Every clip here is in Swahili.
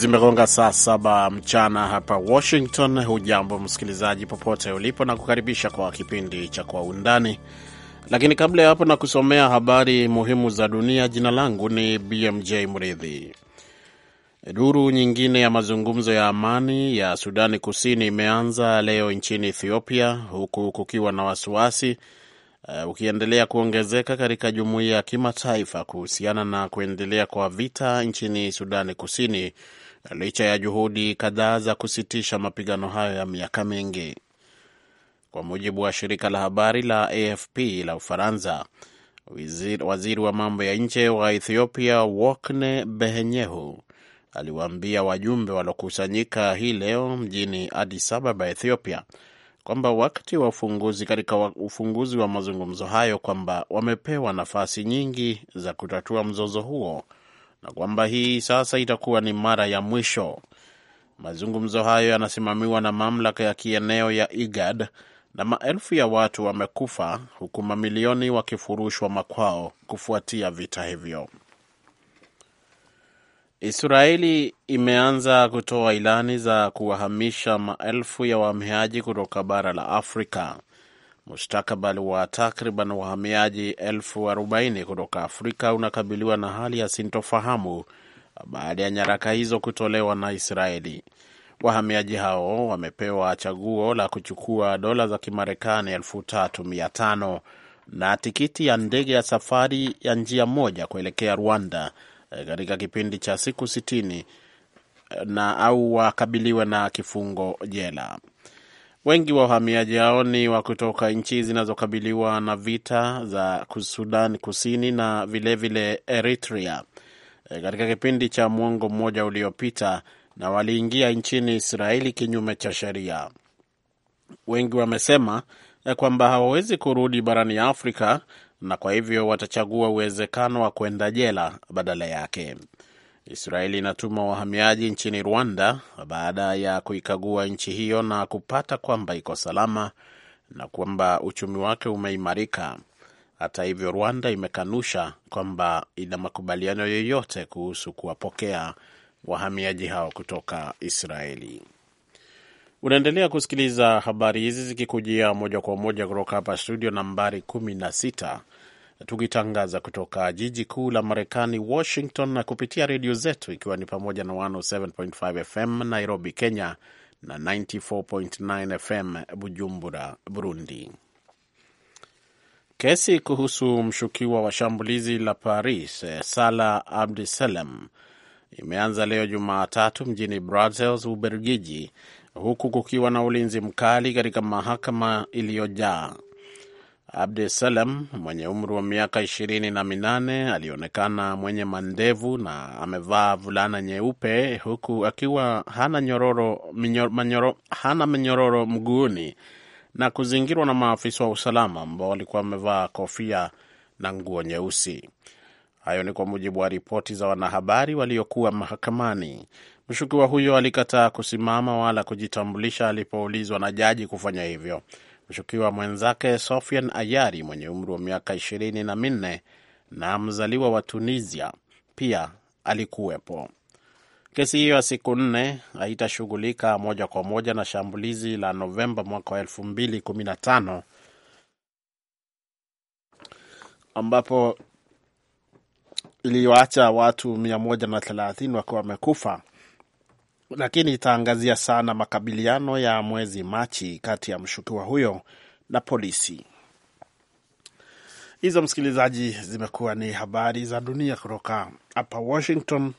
Zimegonga saa saba mchana hapa Washington. Hujambo msikilizaji, popote ulipo, na kukaribisha kwa kipindi cha Kwa Undani. Lakini kabla ya hapo, na kusomea habari muhimu za dunia. Jina langu ni BMJ Mridhi. Duru nyingine ya mazungumzo ya amani ya Sudani Kusini imeanza leo nchini Ethiopia, huku kukiwa na wasiwasi uh, ukiendelea kuongezeka katika jumuiya ya kimataifa kuhusiana na kuendelea kwa vita nchini Sudani Kusini, na licha ya juhudi kadhaa za kusitisha mapigano hayo ya miaka mingi. Kwa mujibu wa shirika la habari la AFP la Ufaransa, waziri wa mambo ya nje wa Ethiopia Wokne Behenyehu aliwaambia wajumbe waliokusanyika hii leo mjini Addis Ababa, Ethiopia, kwamba wakati wa ufunguzi katika ufunguzi wa mazungumzo hayo kwamba wamepewa nafasi nyingi za kutatua mzozo huo na kwamba hii sasa itakuwa ni mara ya mwisho. Mazungumzo hayo yanasimamiwa na mamlaka ya kieneo ya IGAD na maelfu ya watu wamekufa huku mamilioni wakifurushwa makwao kufuatia vita hivyo. Israeli imeanza kutoa ilani za kuwahamisha maelfu ya wahamiaji kutoka bara la Afrika mustakabali wa takriban wahamiaji elfu arobaini kutoka Afrika unakabiliwa na hali ya sintofahamu baada ya nyaraka hizo kutolewa na Israeli. Wahamiaji hao wamepewa chaguo la kuchukua dola za Kimarekani elfu tatu mia tano na tikiti ya ndege ya safari ya njia moja kuelekea Rwanda eh, katika kipindi cha siku sitini eh, na au wakabiliwe na kifungo jela. Wengi wa wahamiaji hao ni wa kutoka nchi zinazokabiliwa na vita za Sudan Kusini na vilevile vile Eritrea e, katika kipindi cha mwongo mmoja uliopita, na waliingia nchini Israeli kinyume cha sheria. Wengi wamesema e, kwamba hawawezi kurudi barani Afrika na kwa hivyo watachagua uwezekano wa kwenda jela badala yake. Israeli inatuma wahamiaji nchini Rwanda baada ya kuikagua nchi hiyo na kupata kwamba iko salama na kwamba uchumi wake umeimarika. Hata hivyo, Rwanda imekanusha kwamba ina makubaliano yoyote kuhusu kuwapokea wahamiaji hao kutoka Israeli. Unaendelea kusikiliza habari hizi zikikujia moja kwa moja kutoka hapa studio nambari na sita tukitangaza kutoka jiji kuu la Marekani, Washington, na kupitia redio zetu ikiwa ni pamoja na 107.5 FM Nairobi, Kenya na 94.9 FM Bujumbura, Burundi. Kesi kuhusu mshukiwa wa shambulizi la Paris Salah Abdeslam imeanza leo Jumatatu mjini Brussels, Ubelgiji, huku kukiwa na ulinzi mkali katika mahakama iliyojaa abdusalam mwenye umri wa miaka ishirini na minane alionekana mwenye mandevu na amevaa vulana nyeupe huku akiwa hana nyororo, minyor, manyoro, hana minyororo mguuni na kuzingirwa na maafisa wa usalama ambao walikuwa wamevaa kofia na nguo nyeusi. Hayo ni kwa mujibu wa ripoti za wanahabari waliokuwa mahakamani. Mshukiwa huyo alikataa kusimama wala kujitambulisha alipoulizwa na jaji kufanya hivyo. Mshukiwa mwenzake Sofian Ayari mwenye umri wa miaka ishirini na minne na mzaliwa wa Tunisia pia alikuwepo. Kesi hiyo ya siku nne haitashughulika moja kwa moja na shambulizi la Novemba mwaka wa elfu mbili kumi na tano ambapo iliyoacha watu mia moja na thelathini wakiwa wamekufa lakini itaangazia sana makabiliano ya mwezi Machi kati ya mshukiwa huyo na polisi. Hizo msikilizaji, zimekuwa ni habari za dunia kutoka hapa Washington.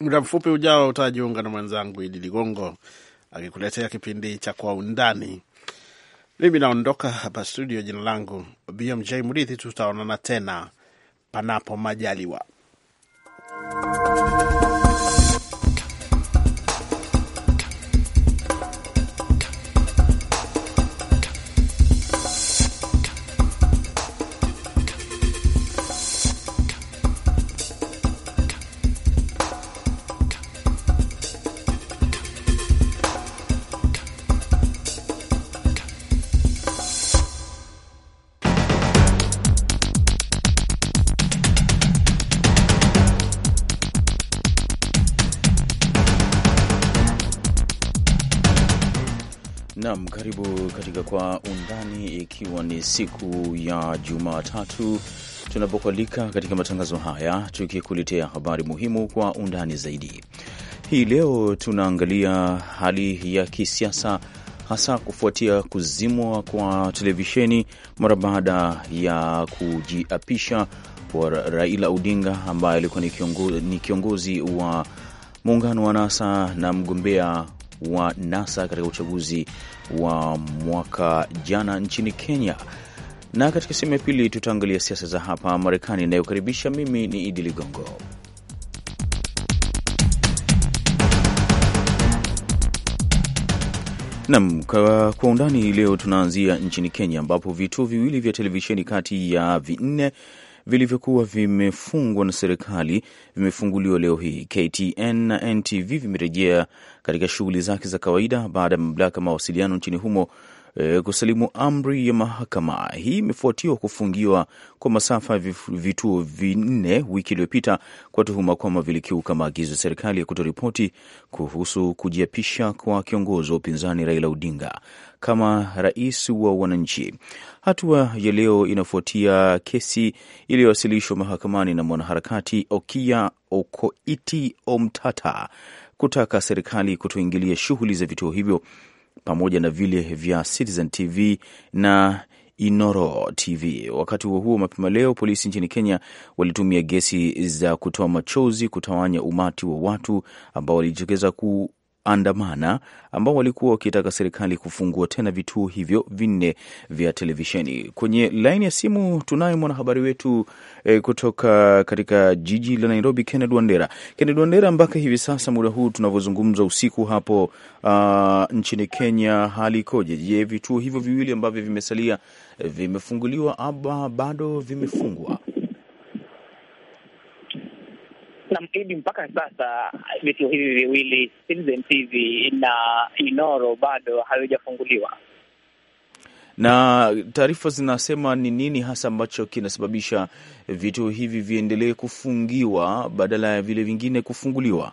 Muda mfupi ujao utajiunga na mwenzangu Idi Ligongo akikuletea kipindi cha Kwa Undani. Mimi naondoka hapa studio, jina langu BMJ Murithi. Tutaonana tena panapo majaliwa. Nam, karibu katika Kwa Undani, ikiwa ni siku ya Jumatatu tunapokualika katika matangazo haya tukikuletea habari muhimu kwa undani zaidi. Hii leo tunaangalia hali ya kisiasa hasa kufuatia kuzimwa kwa televisheni mara baada ya kujiapisha kwa Raila Odinga ambaye alikuwa ni ni kiongozi wa muungano wa NASA na mgombea wa NASA katika uchaguzi wa mwaka jana nchini Kenya. Na katika sehemu ya pili tutaangalia siasa za hapa Marekani inayokaribisha. Mimi ni Idi Ligongo. Nam, kwa undani leo tunaanzia nchini Kenya ambapo vituo viwili vya televisheni kati ya vinne vilivyokuwa vimefungwa na serikali vimefunguliwa leo hii. KTN na NTV vimerejea katika shughuli zake za kawaida baada ya mamlaka mawasiliano nchini humo E, kusalimu amri ya mahakama. Hii imefuatiwa kufungiwa kwa masafa vituo vinne wiki iliyopita kwa tuhuma kwamba vilikiuka maagizo ya serikali ya kutoripoti kuhusu kujiapisha kwa kiongozi wa upinzani Raila Odinga kama rais wa wananchi. Hatua ya leo inafuatia kesi iliyowasilishwa mahakamani na mwanaharakati Okia Okoiti Omtata kutaka serikali kutoingilia shughuli za vituo hivyo pamoja na vile vya Citizen TV na Inoro TV. Wakati huo huo, mapema leo polisi nchini Kenya walitumia gesi za kutoa machozi kutawanya umati wa watu ambao walijitokeza ku walioandamana ambao walikuwa wakitaka serikali kufungua tena vituo hivyo vinne vya televisheni. Kwenye laini ya simu tunaye mwanahabari wetu e, kutoka katika jiji la Nairobi, Kennedy Wandera. Kennedy Wandera, mpaka hivi sasa muda huu tunavyozungumza usiku hapo a, ah, nchini Kenya hali ikoje? Je, vituo hivyo viwili ambavyo vimesalia eh, vimefunguliwa ama bado vimefungwa? na Idi, mpaka sasa eh, vituo hivi viwili Citizen TV na Inoro bado havijafunguliwa, na taarifa zinasema ni nini hasa ambacho kinasababisha vituo hivi viendelee kufungiwa badala ya vile vingine kufunguliwa?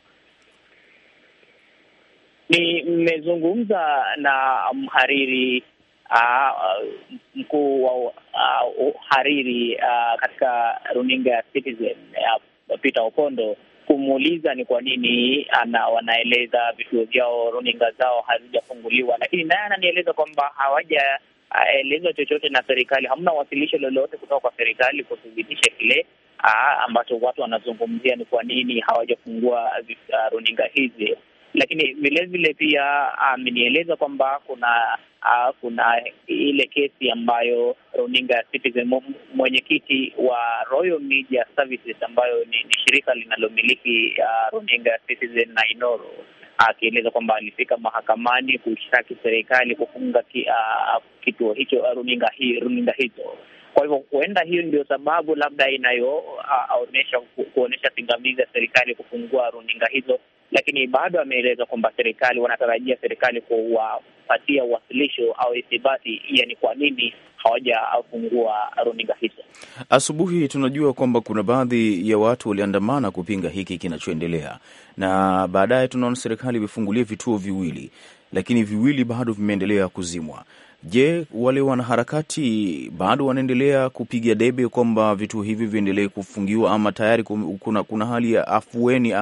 Ni mmezungumza na mhariri uh, mkuu wa uh, ah, uhariri uh, ah, katika runinga ya Citizen uh, Eh, Peter Okondo kumuuliza ni kwa nini ana wanaeleza vituo vyao runinga zao hazijafunguliwa, lakini naye ananieleza kwamba hawajaelezwa eh, chochote na serikali, hamna wasilisho lolote kutoka kwa serikali kuthibitisha kile ah, ambacho watu wanazungumzia ni kwa nini hawajafungua ah, runinga hizi. Lakini vilevile pia ah, amenieleza kwamba kuna uh, kuna ile kesi ambayo runinga ya Citizen, mwenyekiti wa Royal Media Services ambayo ni, ni shirika linalomiliki uh, runinga ya Citizen na Inoro akieleza kwamba alifika mahakamani kushtaki serikali kufunga ki, uh, kituo hicho runinga hi, runinga hizo. Kwa hivyo huenda hiyo ndio sababu labda inayoonyesha uh, kuonyesha pingamizi ya serikali kufungua runinga hizo, lakini bado ameeleza kwamba serikali wanatarajia serikali kuwa kupatia uwasilisho au ithibati, yani kwa nini hawajafungua runinga hizo. Asubuhi tunajua kwamba kuna baadhi ya watu waliandamana kupinga hiki kinachoendelea, na baadaye tunaona serikali imefungulia vituo viwili, lakini viwili bado vimeendelea kuzimwa. Je, wale wanaharakati bado wanaendelea kupiga debe kwamba vituo hivi viendelee kufungiwa ama tayari kuna, kuna hali ya afueni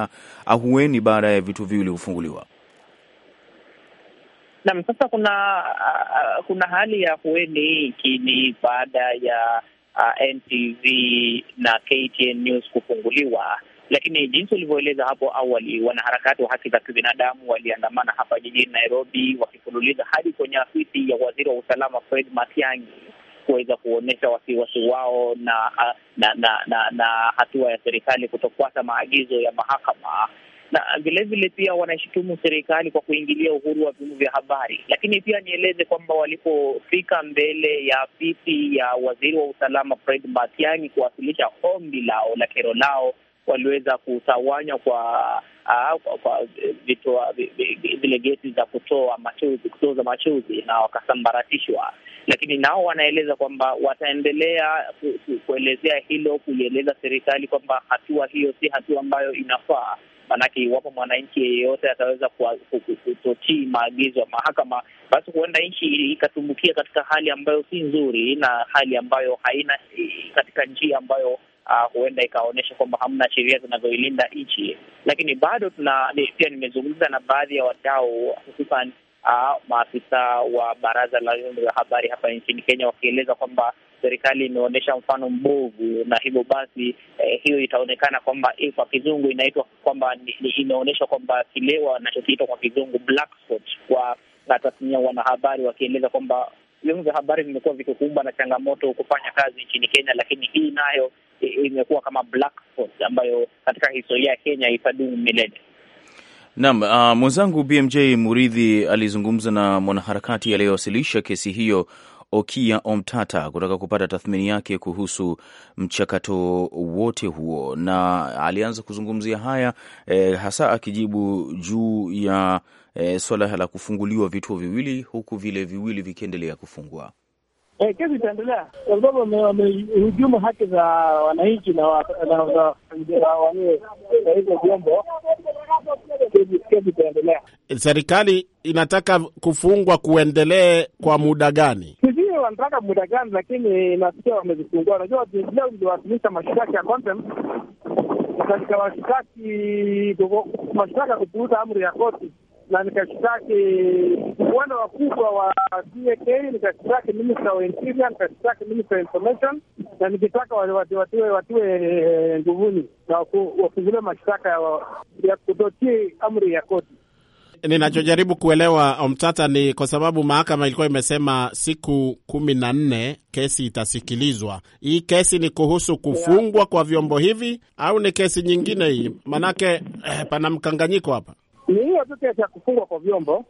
ahueni baada ya vituo viwili kufunguliwa? Naam, sasa kuna uh, kuna hali ya hueni kini baada ya uh, NTV na KTN News kufunguliwa, lakini jinsi ulivyoeleza hapo awali, wanaharakati wa haki za kibinadamu waliandamana hapa jijini Nairobi wakifululiza hadi kwenye afisi ya waziri wa usalama Fred Matiang'i kuweza kuonyesha wasiwasi wao na uh, na, na na na hatua ya serikali kutofuata maagizo ya mahakama na vilevile pia wanashutumu serikali kwa kuingilia uhuru wa vyombo vya habari. Lakini pia nieleze kwamba walipofika mbele ya afisi ya waziri wa usalama Fred Matiang'i kuwasilisha ombi lao la kero lao, waliweza kutawanywa kwa kwa vitoa vile gesi za kutoa machozi kutoza machozi na wakasambaratishwa. Lakini nao wanaeleza kwamba wataendelea ku, ku, kuelezea hilo, kuieleza serikali kwamba hatua hiyo si hatua ambayo inafaa, maanake iwapo mwananchi yeyote ataweza kutotii maagizo ya mahakama, basi huenda nchi ikatumbukia katika hali ambayo si nzuri na hali ambayo haina katika njia ambayo Uh, huenda ikaonyesha kwamba hamna sheria zinazoilinda nchi, lakini bado tuna pia, nimezungumza na baadhi ya wadau hususan uh, maafisa wa baraza la vyombo vya habari hapa nchini Kenya wakieleza kwamba serikali imeonyesha mfano mbovu, na hivyo basi eh, hiyo itaonekana kwamba eh, kwa kizungu inaitwa kwamba imeonyesha kwamba kile wanachokiita kwa kizungu black spot kwa tathmini wanahabari, wakieleza kwamba vyombo vya habari vimekuwa vikikumbwa na changamoto kufanya kazi nchini Kenya, lakini hii nayo imekuwa kama black spot ambayo katika historia ya Kenya itadumu milele. Naam, uh, mwenzangu BMJ Muridhi alizungumza na mwanaharakati aliyewasilisha kesi hiyo Okia Omtata kutaka kupata tathmini yake kuhusu mchakato wote huo, na alianza kuzungumzia haya eh, hasa akijibu juu ya eh, swala la kufunguliwa vituo viwili huku vile viwili vikiendelea kufungwa. E, kesi itaendelea kwa sababu wamehujumu haki za wananchi na za hivyo vyombo itaendelea. Serikali inataka kufungwa kuendelee kwa muda gani? Sijui wanataka muda gani, lakini nasikia wamezifungua. Unajua, leo iliwasilisha mashtaka ya contempt katika washtaki mashtaka kupuuza amri ya koti na nikashtaki wale wakubwa wa TAK, nikashtaki minister wa interior, nikashtaki minister information, na nikitaka watiwe eh, nguvuni na wafungulie mashtaka ya kutotii amri ya koti. Ninachojaribu kuelewa Mtata ni kwa sababu mahakama ilikuwa imesema siku kumi na nne kesi itasikilizwa. Hii kesi ni kuhusu kufungwa kwa vyombo hivi au ni kesi nyingine hii? Manake eh, pana mkanganyiko hapa ni hiyo tu kesi ya kufungwa kwa vyombo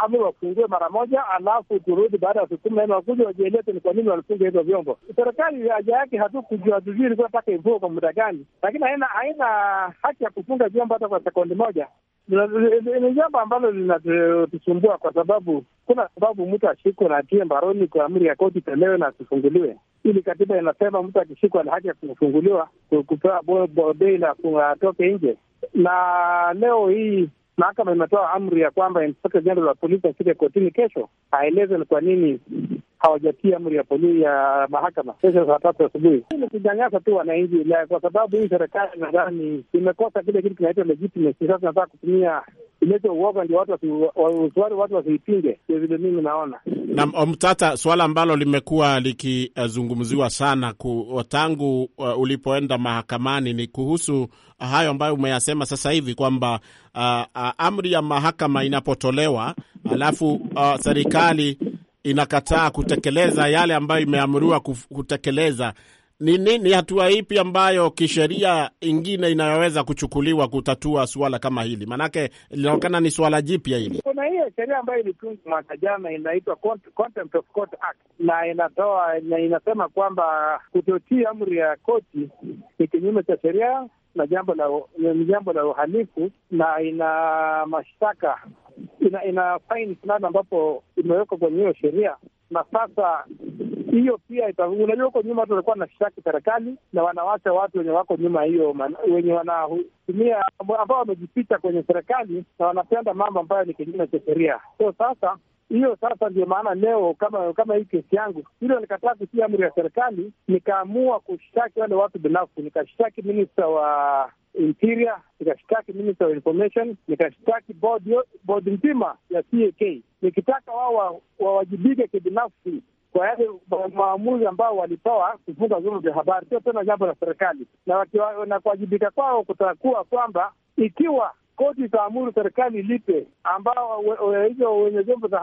amri wafungue mara moja, alafu turudi baada ya siku nne wakuja wajieleze ni kwa nini walifunga hizo vyombo. Serikali haja yake hatukujua vizuri ilikuwa mpaka ivuo kwa muda gani, lakini haina haina haki ya kufunga vyombo hata kwa sekondi moja. Ni jambo ambalo linatusumbua kwa sababu kuna sababu mtu ashikwe na atie mbaroni kwa amri ya koti itolewe na asifunguliwe, ili katiba inasema mtu akishikwa na haki ya kufunguliwa kupewa bodei na atoke nje na leo hii mahakama imetoa amri ya kwamba inspekta general wa polisi afike kotini kesho aeleze ni kwa nini hawajatia amri ya polisi ya mahakama kesho saa tatu asubuhi. ni kunyanyasa tu wananchi, kwa sababu hii serikali nadhani imekosa kile kitu kinaitwa legitimacy. Sasa nataka kutumia ilete uoga ndio watu wasiipinge, ndio vile mimi naona. Naam, Omtata, suala ambalo limekuwa likizungumziwa sana ku, tangu uh, ulipoenda mahakamani ni kuhusu hayo ambayo umeyasema sasa hivi kwamba uh, uh, amri ya mahakama inapotolewa alafu uh, serikali inakataa kutekeleza yale ambayo imeamriwa kutekeleza, ni nini, hatua ipi ambayo kisheria ingine inayoweza kuchukuliwa kutatua suala kama hili? Maanake linaonekana ni suala jipya hili. Kuna hiyo sheria ambayo ilitungwa mwaka jana inaitwa Contempt of Court Act, na inatoa na inasema kwamba kutotii amri ya koti ni kinyume cha sheria na jambo la ni jambo la uhalifu, na ina mashtaka ina, ina faini fulani ambapo imewekwa kwenye hiyo sheria, na sasa hiyo pia ita, unajua huko nyuma watu walikuwa nashtaki serikali na wanawacha watu wenye wako nyuma hiyo, wenye wanatumia ambao wamejificha kwenye serikali na wanapenda mambo ambayo ni kinyume cha sheria. So sasa hiyo sasa ndio maana leo kama kama hii kesi yangu hilo, nikataa kutia amri ya serikali, nikaamua kushtaki wale watu binafsi, nikashtaki minista wa Interior, nikashtaki Minister of Information, nikashtaki bodi nzima ya CAK nikitaka wao wawajibike kibinafsi kwa yale maamuzi ambao walitoa kufunga vyombo vya habari, sio tena jambo la serikali, na kuwajibika kwao kutakuwa kwamba ikiwa koti itaamuru serikali ilipe, ambao hizo wenye vyombo za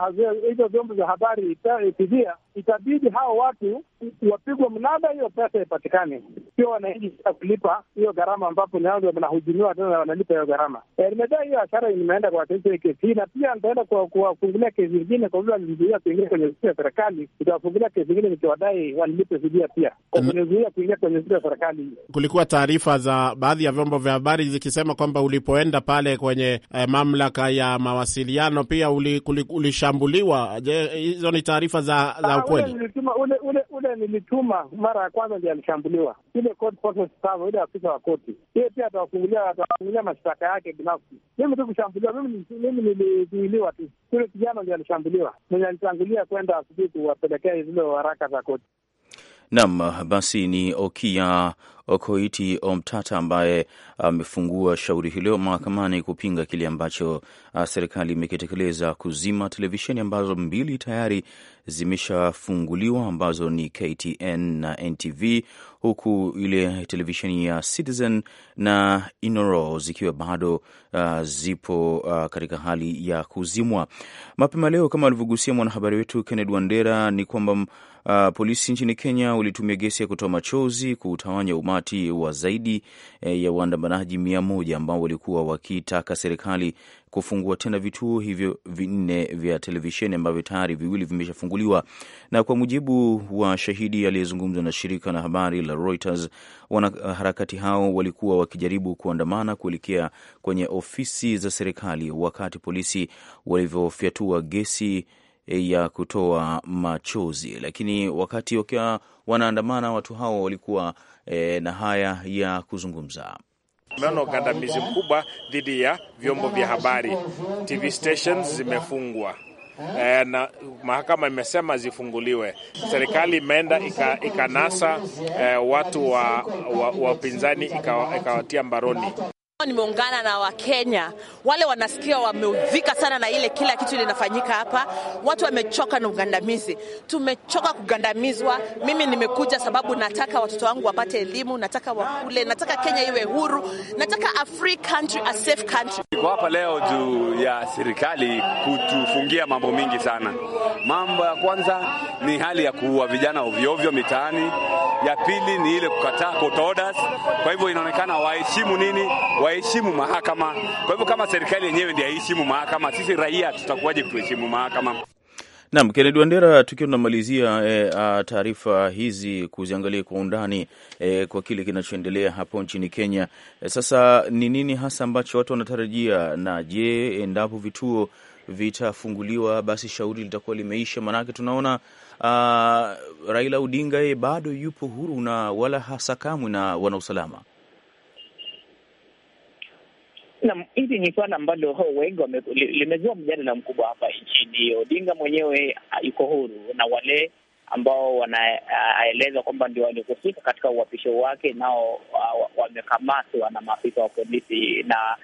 hizo vyombo za habari itafidia, itabidi hao watu wapigwe mnada, hiyo pesa ipatikane, sio wananchi kulipa hiyo gharama, ambapo wanahujumiwa tena wanalipa hiyo gharama. E, nimedai hiyo hasara nimeenda kwa kesi hii, na pia nitaenda kuwafungulia kesi zingine, kwa vile walizuia kuingia kwenye ofisi ya serikali. itawafungulia kesi zingine nikiwadai walilipe fidia pia kwa mhm. kunizuia kuingia kwenye ofisi ya serikali. Kulikuwa taarifa za baadhi ya vyombo vya habari zikisema kwamba ulipoenda pale pale kwenye eh, mamlaka ya mawasiliano pia ulishambuliwa uli, je, hizo ni taarifa za za ah, ukweli? Ule, ule, ule nilituma mara ya kwanza ndio alishambuliwa ile court process ile afisa wa koti yeye pia atawafungulia atawafungulia mashtaka yake binafsi. Mimi tu kushambuliwa, mimi nilizuiliwa tu. ule kijana ndio alishambuliwa mwenye alitangulia kwenda sijui kuwapelekea zile waraka za koti. Nam, basi ni Okia Okoiti Omtata ambaye amefungua shauri hilo mahakamani kupinga kile ambacho uh, serikali imekitekeleza kuzima televisheni ambazo mbili tayari zimeshafunguliwa ambazo ni KTN na NTV, huku ile televisheni ya Citizen na Inoro zikiwa bado uh, zipo uh, katika hali ya kuzimwa. Mapema leo kama alivyogusia mwanahabari wetu kenned Wandera ni kwamba uh, polisi nchini Kenya walitumia gesi ya kutoa machozi kutawanya umati wa zaidi eh, ya waandamanaji mia moja ambao walikuwa wakitaka serikali kufungua tena vituo hivyo vinne vya televisheni ambavyo tayari viwili vimeshafunguliwa. Na kwa mujibu wa shahidi aliyezungumza na shirika la habari la Reuters, wanaharakati hao walikuwa wakijaribu kuandamana kuelekea kwenye ofisi za serikali wakati polisi walivyofyatua gesi ya kutoa machozi. Lakini wakati wakiwa wanaandamana, watu hao walikuwa e, na haya ya kuzungumza. Tumeona ugandamizi mkubwa dhidi ya vyombo vya habari, TV stations zimefungwa eh, na mahakama imesema zifunguliwe. Serikali imeenda ikanasa ika eh, watu wa upinzani wa, wa ikawatia mbaroni. Nimeungana na Wakenya wale wanasikia wameudhika sana na ile kila kitu linafanyika hapa. Watu wamechoka na ugandamizi, tumechoka kugandamizwa. Mimi nimekuja sababu nataka watoto wangu wapate elimu, nataka wakule, nataka Kenya iwe huru, nataka a free country, a safe country. Niko hapa leo juu ya serikali kutufungia mambo mingi sana. Mambo ya kwanza ni hali ya kuua vijana ovyoovyo mitaani ya pili ni ile kukataa court orders. Kwa hivyo inaonekana waheshimu nini? Waheshimu mahakama. Kwa hivyo kama serikali yenyewe ndiyo haiheshimu mahakama, sisi raia tutakuwaje kuheshimu mahakama? Naam, Kennedy Wandera, tukiwa tunamalizia e, eh, ah, taarifa hizi kuziangalia kwa undani e, kwa kile kinachoendelea hapo nchini Kenya e, sasa ni nini hasa ambacho watu wanatarajia, na je, endapo vituo vitafunguliwa basi shauri litakuwa limeisha? Maanake tunaona uh, Raila Odinga yeye bado yupo huru na wala hasakamwi na wanausalama. Naam, hili ni swala ambalo wengi limezua mjadala mkubwa hapa nchini. Odinga mwenyewe ah, yuko huru na wale ambao wanaeleza ah, kwamba ndio walihusika katika uhapisho wake nao wamekamatwa na maafisa wa polisi na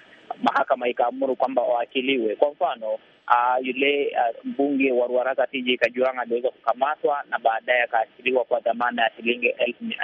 mahakama ikaamuru kwamba waachiliwe. Kwa mfano uh, yule uh, mbunge wa Ruaraka TJ Kajwang' aliweza kukamatwa na baadaye akaachiliwa kwa dhamana ya shilingi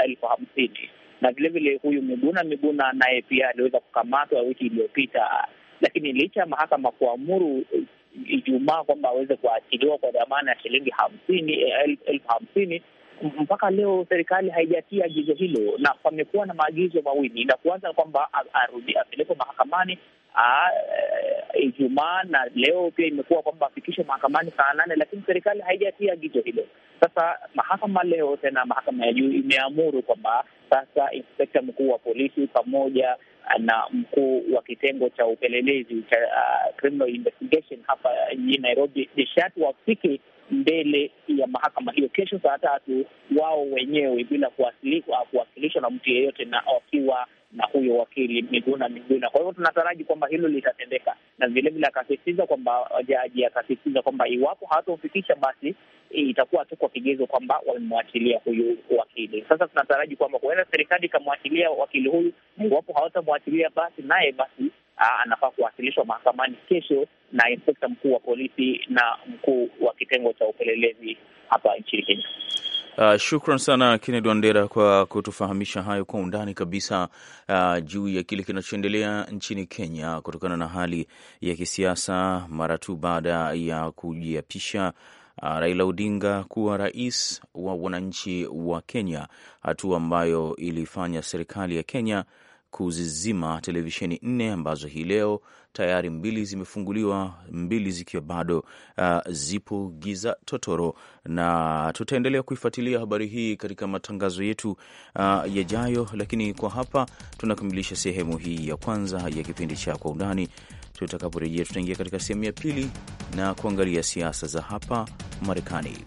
elfu hamsini na vilevile huyu Miguna Miguna naye pia aliweza kukamatwa wiki iliyopita, lakini licha ya mahakama kuamuru eh, Ijumaa kwamba aweze kuachiliwa kwa dhamana ya shilingi hamsini eh, elfu hamsini mpaka leo serikali haijatia agizo hilo, na pamekuwa na maagizo mawili. La kuanza kwamba arudi apelekwe mahakamani eh, Ijumaa, na leo pia imekuwa kwamba afikishwe mahakamani saa nane, lakini serikali haijatia agizo hilo. Sasa mahakama leo tena, mahakama ya juu imeamuru kwamba sasa inspekta mkuu wa polisi pamoja na mkuu wa kitengo cha upelelezi cha uh, criminal investigation hapa jijini Nairobi nishati wafike mbele ya mahakama hiyo kesho saa tatu, wao wenyewe bila ah, kuwasilishwa na mtu yeyote, na wakiwa na huyo wakili Miguna Miguna. Kwa hivyo tunataraji kwamba hilo litatendeka, na vilevile akasisitiza kwamba jaji akasisitiza kwamba iwapo hawatofikisha basi eh, itakuwa tu kwa kigezo kwamba wamemwachilia huyu wakili. Sasa tunataraji kwamba huenda serikali ikamwachilia wakili huyu, na iwapo hawatamwachilia basi naye basi ah, anafaa kuwasilishwa mahakamani kesho na inspekta mkuu wa polisi na mkuu wa kitengo cha upelelezi hapa nchini Kenya. Uh, shukran sana Kennedy Wandera kwa kutufahamisha hayo kwa undani kabisa, uh, juu ya kile kinachoendelea nchini Kenya kutokana na hali ya kisiasa mara tu baada ya kujiapisha uh, Raila Odinga kuwa rais wa wananchi wa Kenya, hatua ambayo ilifanya serikali ya Kenya kuzizima televisheni nne ambazo hii leo tayari mbili zimefunguliwa, mbili zikiwa bado uh, zipo giza totoro, na tutaendelea kuifuatilia habari hii katika matangazo yetu uh, yajayo. Lakini kwa hapa tunakamilisha sehemu hii ya kwanza ya kipindi cha Kwa Undani. Tutakaporejea tutaingia katika sehemu ya pili na kuangalia siasa za hapa Marekani.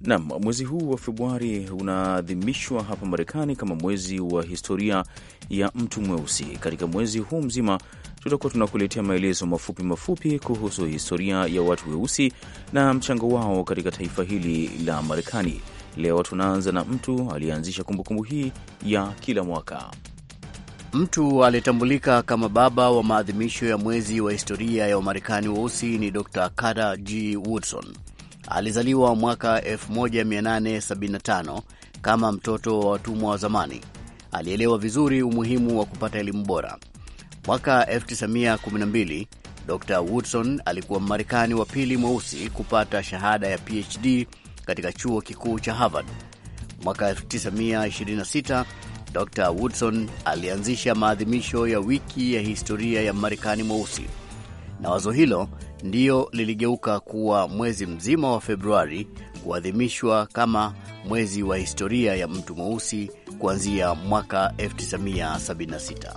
nam mwezi huu wa Februari unaadhimishwa hapa Marekani kama mwezi wa historia ya mtu mweusi. Katika mwezi huu mzima, tutakuwa tunakuletea maelezo mafupi mafupi kuhusu historia ya watu weusi na mchango wao katika taifa hili la Marekani. Leo tunaanza na mtu aliyeanzisha kumbukumbu hii ya kila mwaka, mtu aliyetambulika kama baba wa maadhimisho ya mwezi wa historia ya Wamarekani weusi. Ni Dr. Carter G. Woodson Alizaliwa mwaka 1875 kama mtoto wa watumwa wa zamani. Alielewa vizuri umuhimu wa kupata elimu bora. Mwaka 1912 Dr Woodson alikuwa Mmarekani wa pili mweusi kupata shahada ya PhD katika chuo kikuu cha Harvard. Mwaka 1926 Dr Woodson alianzisha maadhimisho ya wiki ya historia ya Mmarekani mweusi, na wazo hilo ndiyo liligeuka kuwa mwezi mzima wa Februari kuadhimishwa kama mwezi wa historia ya mtu mweusi kuanzia mwaka 1976.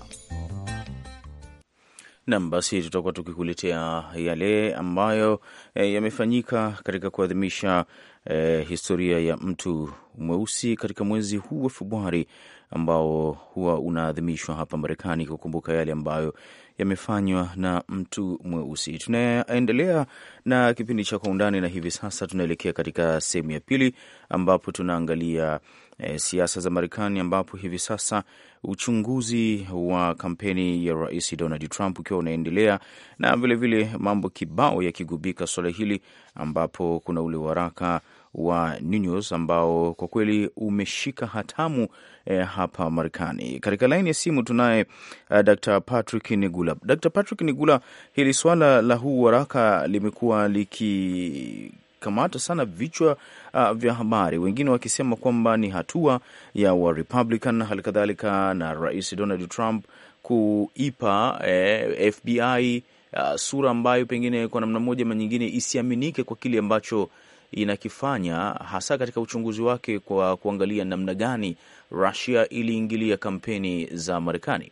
Nam, basi tutakuwa tukikuletea yale ambayo e, yamefanyika katika kuadhimisha e, historia ya mtu mweusi katika mwezi huu wa Februari ambao huwa unaadhimishwa hapa Marekani kukumbuka yale ambayo yamefanywa na mtu mweusi. Tunaendelea na kipindi cha Kwa Undani, na hivi sasa tunaelekea katika sehemu ya pili ambapo tunaangalia e, siasa za Marekani, ambapo hivi sasa uchunguzi wa kampeni ya Rais Donald Trump ukiwa unaendelea na vilevile mambo kibao yakigubika swala hili, ambapo kuna ule waraka wa Newnews ambao kwa kweli umeshika hatamu eh, hapa Marekani. Katika laini ya simu tunaye uh, Dr. Patrick Nigula. Dr. Patrick Nigula, hili swala la huu waraka limekuwa liki kamata sana vichwa uh, vya habari, wengine wakisema kwamba ni hatua ya wa Republican, halikadhalika na Rais Donald Trump kuipa eh, FBI uh, ah, sura ambayo pengine kwa namna moja ama nyingine isiaminike kwa kile ambacho inakifanya hasa katika uchunguzi wake kwa kuangalia namna gani Russia iliingilia kampeni za Marekani?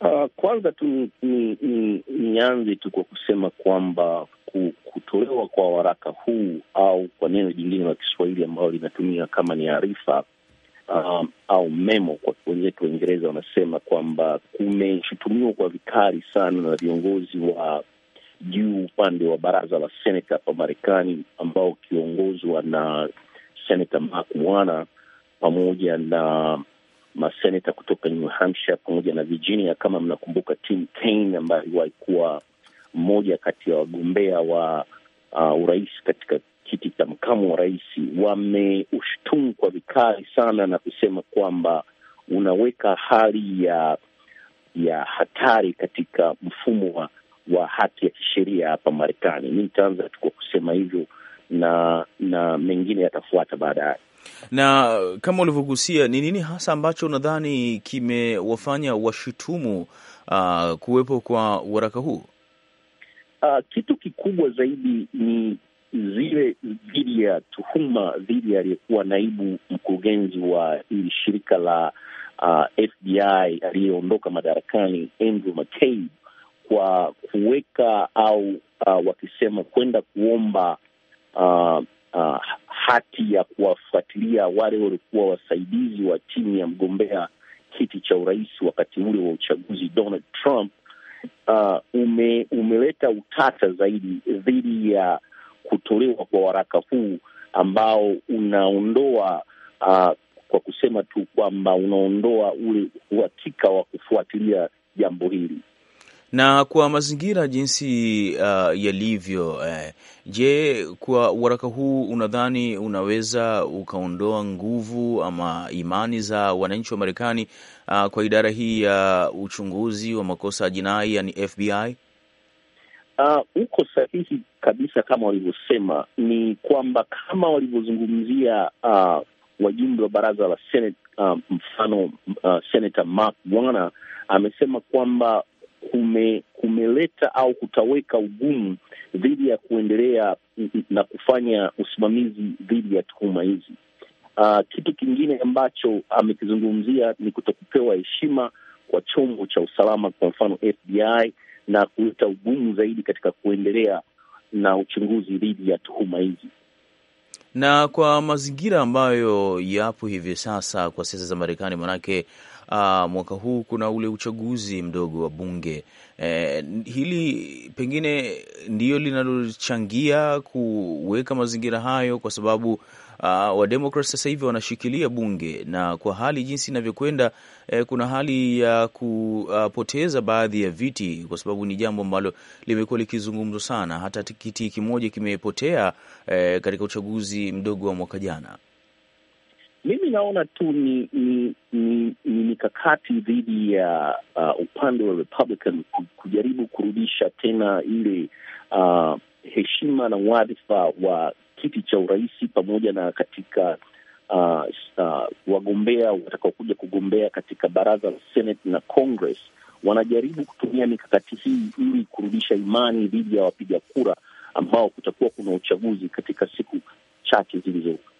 Uh, kwanza tu nianze tu kwa kusema kwamba kutolewa kwa waraka huu au kwa neno jingine la Kiswahili ambalo linatumia kama ni arifa um, au memo kwa wenzetu Waingereza wanasema kwamba kumeshutumiwa kwa vikali sana na viongozi wa juu upande wa baraza la seneta hapa Marekani, ambao ukiongozwa na seneta Mark Warner pamoja na maseneta kutoka New Hampshire pamoja na Virginia. Kama mnakumbuka Tim Kaine ambaye aliwahi kuwa mmoja kati ya wagombea wa uh, urais katika kiti cha makamu wa rais, wameushtumu kwa vikali sana na kusema kwamba unaweka hali ya ya hatari katika mfumo wa wa haki ya kisheria hapa Marekani. Mi nitaanza tu kwa kusema hivyo na na mengine yatafuata baadaye. Na kama ulivyogusia, ni nini hasa ambacho unadhani kimewafanya washutumu uh, kuwepo kwa waraka huu? Uh, kitu kikubwa zaidi ni zile dhidi ya tuhuma dhidi ya aliyekuwa naibu mkurugenzi wa hili shirika la uh, FBI aliyeondoka madarakani Andrew McCabe kwa kuweka au uh, wakisema kwenda kuomba uh, uh, hati ya kuwafuatilia wale waliokuwa wasaidizi wa timu ya mgombea kiti cha urais wakati ule wa uchaguzi Donald Trump, uh, ume, umeleta utata zaidi dhidi ya kutolewa kwa waraka huu ambao unaondoa uh, kwa kusema tu kwamba unaondoa ule uhakika wa kufuatilia jambo hili na kwa mazingira jinsi uh, yalivyo eh, je, kwa waraka huu unadhani unaweza ukaondoa nguvu ama imani za wananchi wa Marekani uh, kwa idara hii ya uh, uchunguzi wa makosa ya jinai yani FBI? Uh, uko sahihi kabisa kama walivyosema, ni kwamba kama walivyozungumzia uh, wajumbe wa baraza la Senate uh, mfano uh, Senator Mark Warner amesema kwamba kume, kumeleta au kutaweka ugumu dhidi ya kuendelea na kufanya usimamizi dhidi ya tuhuma hizi. Uh, kitu kingine ambacho amekizungumzia ni kutokupewa heshima kwa chombo cha usalama, kwa mfano FBI, na kuleta ugumu zaidi katika kuendelea na uchunguzi dhidi ya tuhuma hizi na kwa mazingira ambayo yapo hivi sasa kwa siasa za Marekani, manake uh, mwaka huu kuna ule uchaguzi mdogo wa bunge eh, hili pengine ndiyo linalochangia kuweka mazingira hayo, kwa sababu uh, ah, wademokrat sasa hivi wanashikilia bunge na kwa hali jinsi inavyokwenda, eh, kuna hali ya kupoteza baadhi ya viti, kwa sababu ni jambo ambalo limekuwa likizungumzwa sana. Hata kiti kimoja kimepotea eh, katika uchaguzi mdogo wa mwaka jana. Mimi naona tu ni ni ni mikakati dhidi ya uh, upande wa Republican kujaribu kurudisha tena ile uh, heshima na wadhifa wa kiti cha urais pamoja na katika uh, uh, wagombea watakaokuja kugombea katika baraza la Senate na Congress wanajaribu kutumia mikakati hii ili kurudisha imani dhidi ya wapiga kura ambao kutakuwa kuna uchaguzi katika siku chache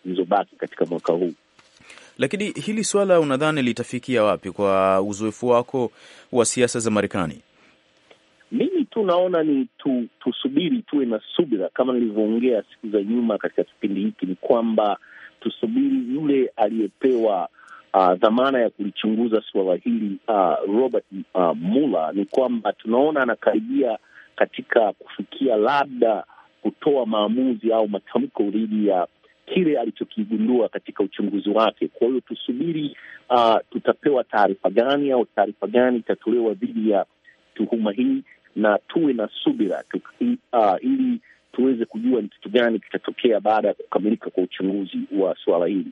zilizobaki katika mwaka huu. Lakini hili swala unadhani litafikia wapi kwa uzoefu wako wa siasa za Marekani? Mimi tu naona ni tu, tusubiri, tuwe na subira. Kama nilivyoongea siku za nyuma katika kipindi hiki, ni kwamba tusubiri yule aliyepewa uh, dhamana ya kulichunguza suala hili uh, Robert uh, Mueller, ni kwamba tunaona anakaribia katika kufikia labda kutoa maamuzi au matamko dhidi ya kile alichokigundua katika uchunguzi wake. Kwa hiyo tusubiri, uh, tutapewa taarifa gani au taarifa gani itatolewa dhidi ya tuhuma hii, na tuwe na subira uh, ili tuweze kujua ni kitu gani kitatokea baada ya kukamilika kwa uchunguzi wa suala hili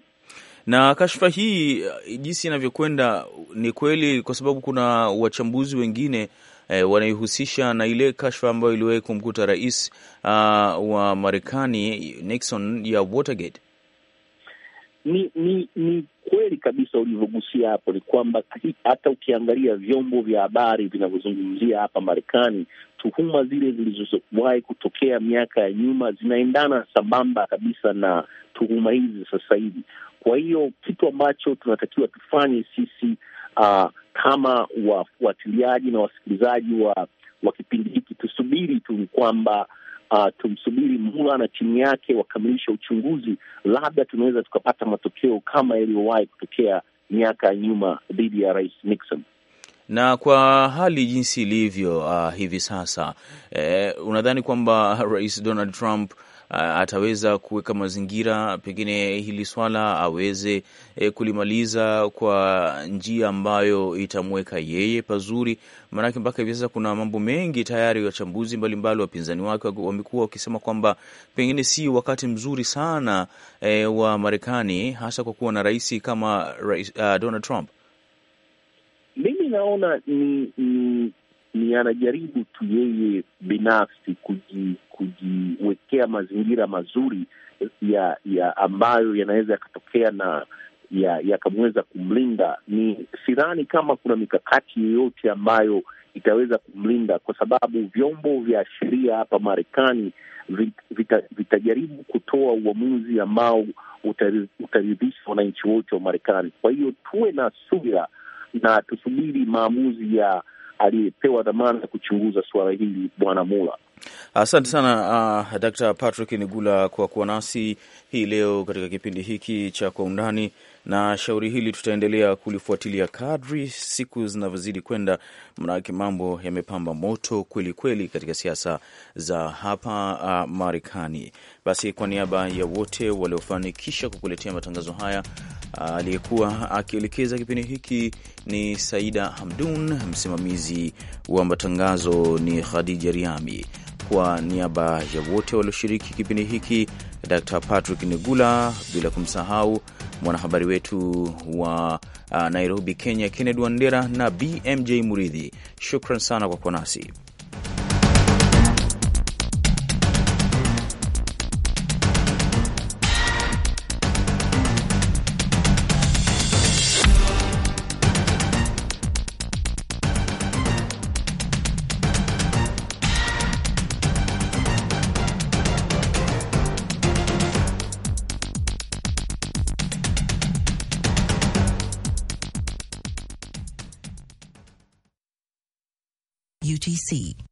na kashfa hii uh, jinsi inavyokwenda. Ni kweli, kwa sababu kuna wachambuzi wengine eh, wanaihusisha na ile kashfa ambayo iliwahi kumkuta rais uh, wa Marekani Nixon ya Watergate. Ni ni ni kweli kabisa ulivyogusia hapo, ni kwamba hata ukiangalia vyombo vya habari vinavyozungumzia hapa Marekani, tuhuma zile zilizowahi kutokea miaka ya nyuma zinaendana sambamba kabisa na tuhuma hizi sasa hivi. Kwa hiyo kitu ambacho tunatakiwa tufanye sisi uh, kama wafuatiliaji na wasikilizaji wa, wa kipindi hiki tusubiri tu kwamba Uh, tumsubiri Mula na timu yake wakamilisha uchunguzi, labda tunaweza tukapata matokeo kama yaliyowahi kutokea miaka ya nyuma dhidi ya Rais Nixon. Na kwa hali jinsi ilivyo, uh, hivi sasa eh, unadhani kwamba Rais Donald Trump ataweza kuweka mazingira pengine hili swala aweze e, kulimaliza kwa njia ambayo itamweka yeye pazuri. Maanake mpaka hivi sasa kuna mambo mengi tayari, wachambuzi mbalimbali, wapinzani wake wamekuwa wakisema kwamba pengine si wakati mzuri sana e, wa Marekani, hasa kwa kuwa na rais kama rais, uh, Donald Trump. Mimi naona ni, ni ni anajaribu tu yeye binafsi kuji, kujiwekea mazingira mazuri ya ya ambayo yanaweza yakatokea na yakamweza ya kumlinda. Ni sidhani kama kuna mikakati yoyote ambayo itaweza kumlinda, kwa sababu vyombo vya sheria hapa Marekani vita, vitajaribu kutoa uamuzi ambao utaridhisha wananchi wote wa Marekani. Kwa hiyo tuwe na subira na tusubiri maamuzi ya aliyepewa dhamana ya kuchunguza suala hili Bwana Mula. Asante sana uh, Dkt. Patrick Nigula kwa kuwa nasi hii leo katika kipindi hiki cha Kwa Undani, na shauri hili tutaendelea kulifuatilia kadri siku zinavyozidi kwenda, manake mambo yamepamba moto kweli kweli katika siasa za hapa uh, Marekani. Basi, kwa niaba ya wote waliofanikisha kukuletea matangazo haya, Aliyekuwa akielekeza kipindi hiki ni Saida Hamdun, msimamizi wa matangazo ni Khadija Riami. Kwa niaba ya wote walioshiriki kipindi hiki, Dr Patrick negula bila kumsahau mwanahabari wetu wa uh, Nairobi, Kenya, Kennedy Wandera na BMJ Muridhi, shukran sana kwa kuwa nasi. BBC.